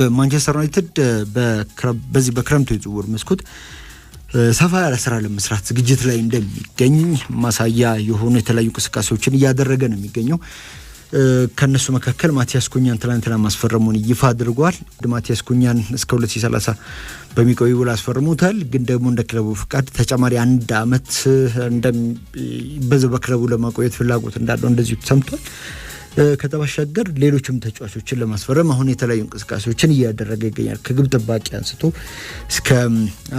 በማንቸስተር ዩናይትድ በዚህ በክረምቱ የዝውውር መስኮት ሰፋ ያለ ስራ ለመስራት ዝግጅት ላይ እንደሚገኝ ማሳያ የሆኑ የተለያዩ እንቅስቃሴዎችን እያደረገ ነው የሚገኘው። ከእነሱ መካከል ማቲያስ ኩኛን ትላንትና ማስፈረሙን ይፋ አድርጓል። ማቲያስ ኩኛን እስከ 2030 በሚቆይ ውል አስፈርሙታል። ግን ደግሞ እንደ ክለቡ ፍቃድ ተጨማሪ አንድ አመት በዚ በክለቡ ለማቆየት ፍላጎት እንዳለው እንደዚሁ ሰምቷል። ከዛ ባሻገር ሌሎችም ተጫዋቾችን ለማስፈረም አሁን የተለያዩ እንቅስቃሴዎችን እያደረገ ይገኛል። ከግብ ጠባቂ አንስቶ እስከ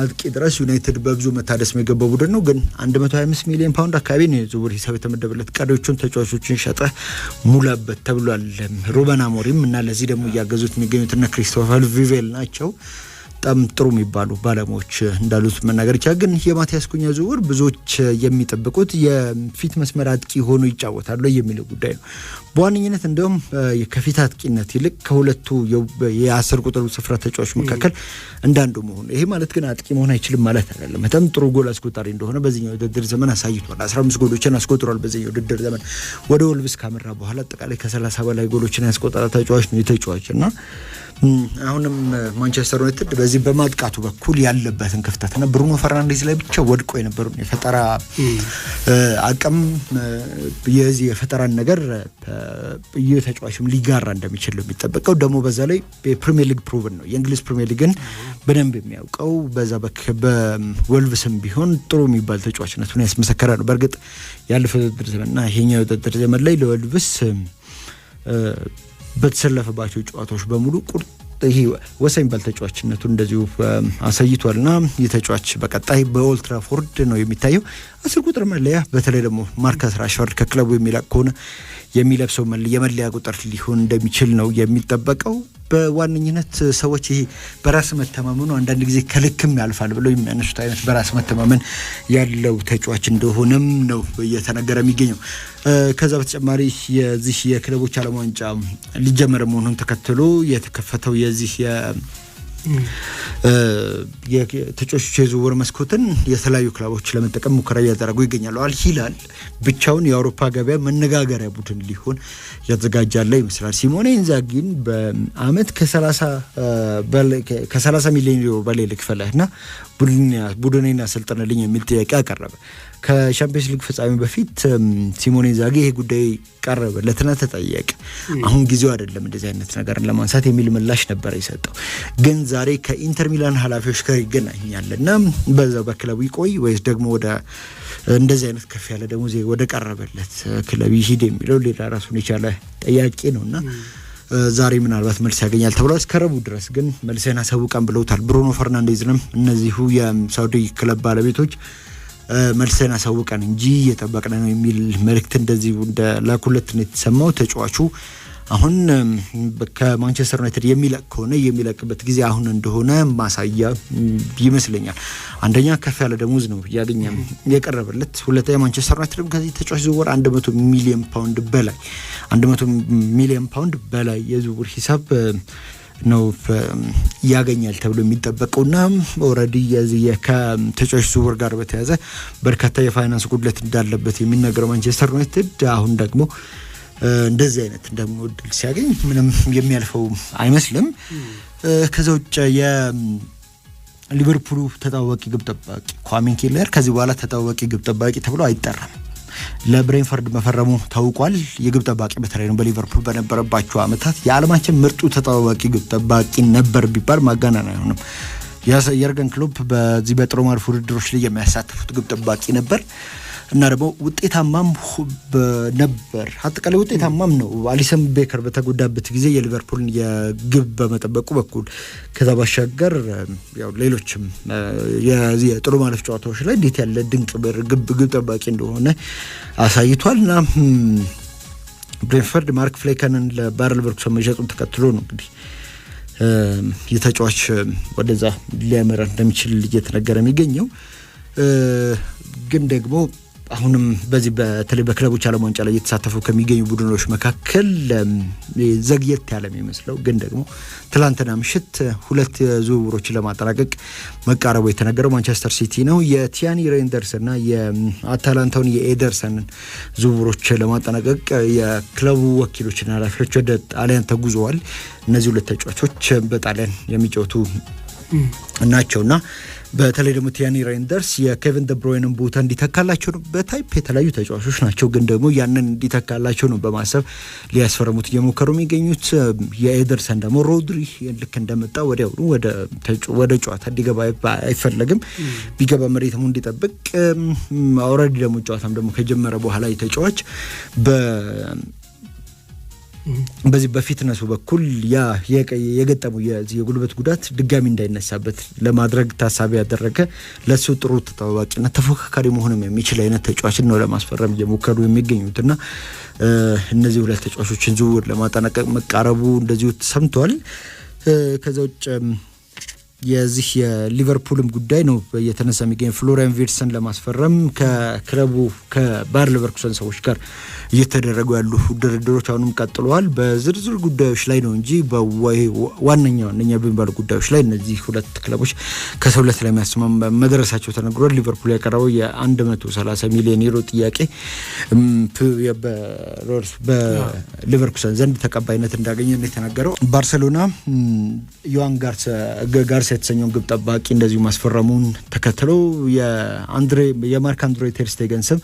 አጥቂ ድረስ ዩናይትድ በብዙ መታደስ የሚገባ ቡድን ነው። ግን 125 ሚሊዮን ፓውንድ አካባቢ ነው የዝውውር ሂሳብ የተመደበለት። ቀሪዎቹን ተጫዋቾችን ሸጠ ሙላበት ተብሏል። ሩበን አሞሪም እና ለዚህ ደግሞ እያገዙት የሚገኙትና ክሪስቶፈር ቪቬል ናቸው። በጣም ጥሩ የሚባሉ ባለሙያዎች እንዳሉት መናገር ይቻል። ግን የማቲያስ ኩኛ ዝውውር ብዙዎች የሚጠብቁት የፊት መስመር አጥቂ ሆኖ ይጫወታሉ የሚለው ጉዳይ ነው። በዋነኝነት እንደውም ከፊት አጥቂነት ይልቅ ከሁለቱ የአስር ቁጥር ስፍራ ተጫዋች መካከል እንዳንዱ መሆኑ፣ ይሄ ማለት ግን አጥቂ መሆን አይችልም ማለት አይደለም። በጣም ጥሩ ጎል አስቆጣሪ እንደሆነ በዚኛው ውድድር ዘመን አሳይቷል። 15 ጎሎችን አስቆጥሯል። በዚኛው ውድድር ዘመን ወደ ወልቭስ ካመራ በኋላ አጠቃላይ ከ30 በላይ ጎሎችን ያስቆጠረ ተጫዋች ነው የተጫዋች እና አሁንም ማንቸስተር ዩናይትድ ስለዚህ በማጥቃቱ በኩል ያለበትን ክፍተትና ብሩኖ ፈርናንዴዝ ላይ ብቻ ወድቆ የነበረውን የፈጠራ አቅም የዚህ የፈጠራን ነገር ተጫዋችም ሊጋራ እንደሚችል ነው የሚጠበቀው። ደግሞ በዛ ላይ የፕሪሚየር ሊግ ፕሩቭን ነው የእንግሊዝ ፕሪሚየር ሊግን በደንብ የሚያውቀው በዛ በወልቭስም ቢሆን ጥሩ የሚባል ተጫዋችነቱን ያስመሰከረ ነው። በእርግጥ ያለፈው ውድድር ዘመንና ይሄኛው ውድድር ዘመን ላይ ለወልቭስ በተሰለፈባቸው ጨዋታዎች በሙሉ ቁርጥ ይህ ወሳኝ ባል ተጫዋችነቱ እንደዚሁ አሳይቷልና ይህ ተጫዋች በቀጣይ በኦልትራፎርድ ነው የሚታየው። አስር ቁጥር መለያ በተለይ ደግሞ ማርከስ ራሽፈርድ ከክለቡ የሚላቅ ከሆነ የሚለብሰው የመለያ ቁጥር ሊሆን እንደሚችል ነው የሚጠበቀው። በዋነኝነት ሰዎች ይሄ በራስ መተማመኑ አንዳንድ ጊዜ ከልክም ያልፋል ብለው የሚያነሱት አይነት በራስ መተማመን ያለው ተጫዋች እንደሆነም ነው እየተነገረ የሚገኘው። ከዛ በተጨማሪ የዚህ የክለቦች ዓለም ዋንጫ ሊጀመር መሆኑን ተከትሎ የተከፈተው የዚህ የተጫዋቾች የዝውውር መስኮትን የተለያዩ ክለቦች ለመጠቀም ሙከራ እያደረጉ ይገኛሉ። አልሂላል ብቻውን የአውሮፓ ገበያ መነጋገሪያ ቡድን ሊሆን ያዘጋጃለ ይመስላል። ሲሞኔ ኢንዛጊን በአመት ከ30 ሚሊዮን ዩሮ በላይ ልክፈልህ እና ቡድኔን አሰልጥንልኝ የሚል ጥያቄ አቀረበ። ከሻምፒዮንስ ሊግ ፍጻሜ በፊት ሲሞኔ ዛጌ ይሄ ጉዳይ ቀረበለትና ተጠየቀ። አሁን ጊዜው አይደለም እንደዚህ አይነት ነገርን ለማንሳት የሚል ምላሽ ነበር የሰጠው። ግን ዛሬ ከኢንተር ሚላን ኃላፊዎች ጋር ይገናኛል እና በዛው በክለቡ ይቆይ ወይስ ደግሞ ወደ እንደዚህ አይነት ከፍ ያለ ደሞዝ ወደ ቀረበለት ክለብ ይሂድ የሚለው ሌላ ራሱን የቻለ ጥያቄ ነው እና ዛሬ ምናልባት መልስ ያገኛል ተብሎ እስከ ረቡዕ ድረስ ግን መልስ አሳውቃን ብለውታል። ብሩኖ ፈርናንዴዝንም እነዚሁ የሳውዲ ክለብ ባለቤቶች መልሰን አሳውቀን እንጂ እየጠበቅን ነው የሚል መልእክት እንደዚህ ላኩለት ነው የተሰማው። ተጫዋቹ አሁን ከማንቸስተር ዩናይትድ የሚለቅ ከሆነ የሚለቅበት ጊዜ አሁን እንደሆነ ማሳያ ይመስለኛል። አንደኛ ከፍ ያለ ደሞዝ ነው እያገኘ የቀረበለት። ሁለተኛ ማንቸስተር ዩናይትድ ከዚህ ተጫዋች ዝውውር 100 ሚሊዮን ፓውንድ በላይ 100 ሚሊዮን ፓውንድ በላይ የዝውውር ሂሳብ ነው ያገኛል ተብሎ የሚጠበቀውና ኦልሬዲ የዚህ ከተጫዋች ዝውውር ጋር በተያዘ በርካታ የፋይናንስ ጉድለት እንዳለበት የሚነገረው ማንቸስተር ዩናይትድ አሁን ደግሞ እንደዚህ አይነት ደግሞ እድል ሲያገኝ ምንም የሚያልፈው አይመስልም። ከዛ ውጭ የሊቨርፑሉ ተጣዋቂ ግብ ጠባቂ ኳሚን ኬለር ከዚህ በኋላ ተጣዋቂ ግብ ጠባቂ ተብሎ አይጠራም። ለብሬንፈርድ መፈረሙ ታውቋል። የግብ ጠባቂ በተለይ ነው በሊቨርፑል በነበረባቸው ዓመታት የዓለማችን ምርጡ ተጠባባቂ ግብ ጠባቂ ነበር ቢባል ማጋናን አይሆንም። የርገን ክሎፕ በዚህ በጥሩ ውድድሮች ላይ የሚያሳትፉት ግብ ጠባቂ ነበር። እና ደግሞ ውጤታማም ነበር። አጠቃላይ ውጤታማም ነው። አሊሰን ቤከር በተጎዳበት ጊዜ የሊቨርፑልን የግብ በመጠበቁ በኩል ከዛ ባሻገር ያው ሌሎችም የጥሩ ማለፍ ጨዋታዎች ላይ እንዴት ያለ ድንቅ ብር ግብ ግብ ጠባቂ እንደሆነ አሳይቷል እና ብሬንፈርድ ማርክ ፍሌከንን ለባየር ሌቨርኩሰን መሸጡን ተከትሎ ነው እንግዲህ የተጫዋች ወደዛ ሊያመራ እንደሚችል እየተነገረ የሚገኘው ግን ደግሞ አሁንም በዚህ በተለይ በክለቦች ዓለም ዋንጫ ላይ እየተሳተፉ ከሚገኙ ቡድኖች መካከል ዘግየት ያለ የሚመስለው ግን ደግሞ ትላንትና ምሽት ሁለት ዝውውሮችን ለማጠናቀቅ መቃረቡ የተነገረው ማንቸስተር ሲቲ ነው። የቲያኒ ሬንደርስ እና የአታላንታውን የኤደርሰንን ዝውውሮች ለማጠናቀቅ የክለቡ ወኪሎችና ኃላፊዎች ወደ ጣሊያን ተጉዘዋል። እነዚህ ሁለት ተጫዋቾች በጣሊያን የሚጫወቱ ናቸውና በተለይ ደግሞ ቲያኒ ሬንደርስ የኬቨን ደብሮይንን ቦታ እንዲተካላቸው ነው። በታይፕ የተለያዩ ተጫዋቾች ናቸው፣ ግን ደግሞ ያንን እንዲተካላቸው ነው በማሰብ ሊያስፈርሙት እየሞከሩ የሚገኙት። የኤደርሰን ደግሞ ሮድሪ ልክ እንደመጣ ወዲያውኑ ወደ ጨዋታ እንዲገባ አይፈለግም። ቢገባ መሬትም እንዲጠብቅ አውረዲ ደግሞ ጨዋታም ደግሞ ከጀመረ በኋላ የተጫዋች በ በዚህ በፊትነሱ በኩል ያ የገጠሙ የጉልበት ጉዳት ድጋሚ እንዳይነሳበት ለማድረግ ታሳቢ ያደረገ ለሱ ጥሩ ተጠባባቂና ተፎካካሪ መሆንም የሚችል አይነት ተጫዋችን ነው ለማስፈረም እየሞከሩ የሚገኙት እና እነዚህ ሁለት ተጫዋቾችን ዝውውር ለማጠናቀቅ መቃረቡ እንደዚሁ ሰምቷል። ከዛ ውጭ የዚህ የሊቨርፑልም ጉዳይ ነው እየተነሳ የሚገኝ ፍሎሪያን ቪርትስን ለማስፈረም ከክለቡ ከባየር ሌቨርኩሰን ሰዎች ጋር እየተደረጉ ያሉ ድርድሮች አሁንም ቀጥለዋል። በዝርዝር ጉዳዮች ላይ ነው እንጂ በዋነኛ ዋነኛ በሚባሉ ጉዳዮች ላይ እነዚህ ሁለት ክለቦች ከሰው ሁለት ላይ መድረሳቸው ተነግሯል። ሊቨርፑል ያቀረበው የ130 ሚሊዮን ዩሮ ጥያቄ በሊቨርኩሰን ዘንድ ተቀባይነት እንዳገኘ ነው የተናገረው። ባርሴሎና ዮዋን ጋርስ የተሰኘውን ግብ ጠባቂ እንደዚሁ ማስፈረሙን ተከትሎ የአንድሬ የማርክ አንድሬ ቴርስቴገን ስም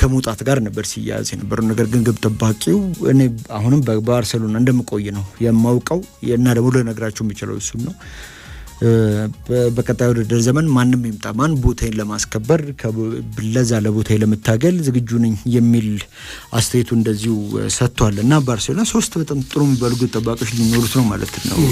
ከመውጣት ጋር ነበር ሲያያዝ የነበረው። ነገር ግን ግብ ጠባቂው እኔ አሁንም በባርሴሎና እንደምቆይ ነው የማውቀው እና ደግሞ ልነግራችሁ የሚችለው እሱም ነው። በቀጣይ ውድድር ዘመን ማንም ይምጣ ማን ቦታዬን ለማስከበር ለዛ ለቦታዬ ለመታገል ዝግጁ ነኝ የሚል አስተያየቱ እንደዚሁ ሰጥቷል እና ባርሴሎና ሶስት በጣም ጥሩ የሚባሉ ግብ ጠባቂዎች ሊኖሩት ነው ማለት ነው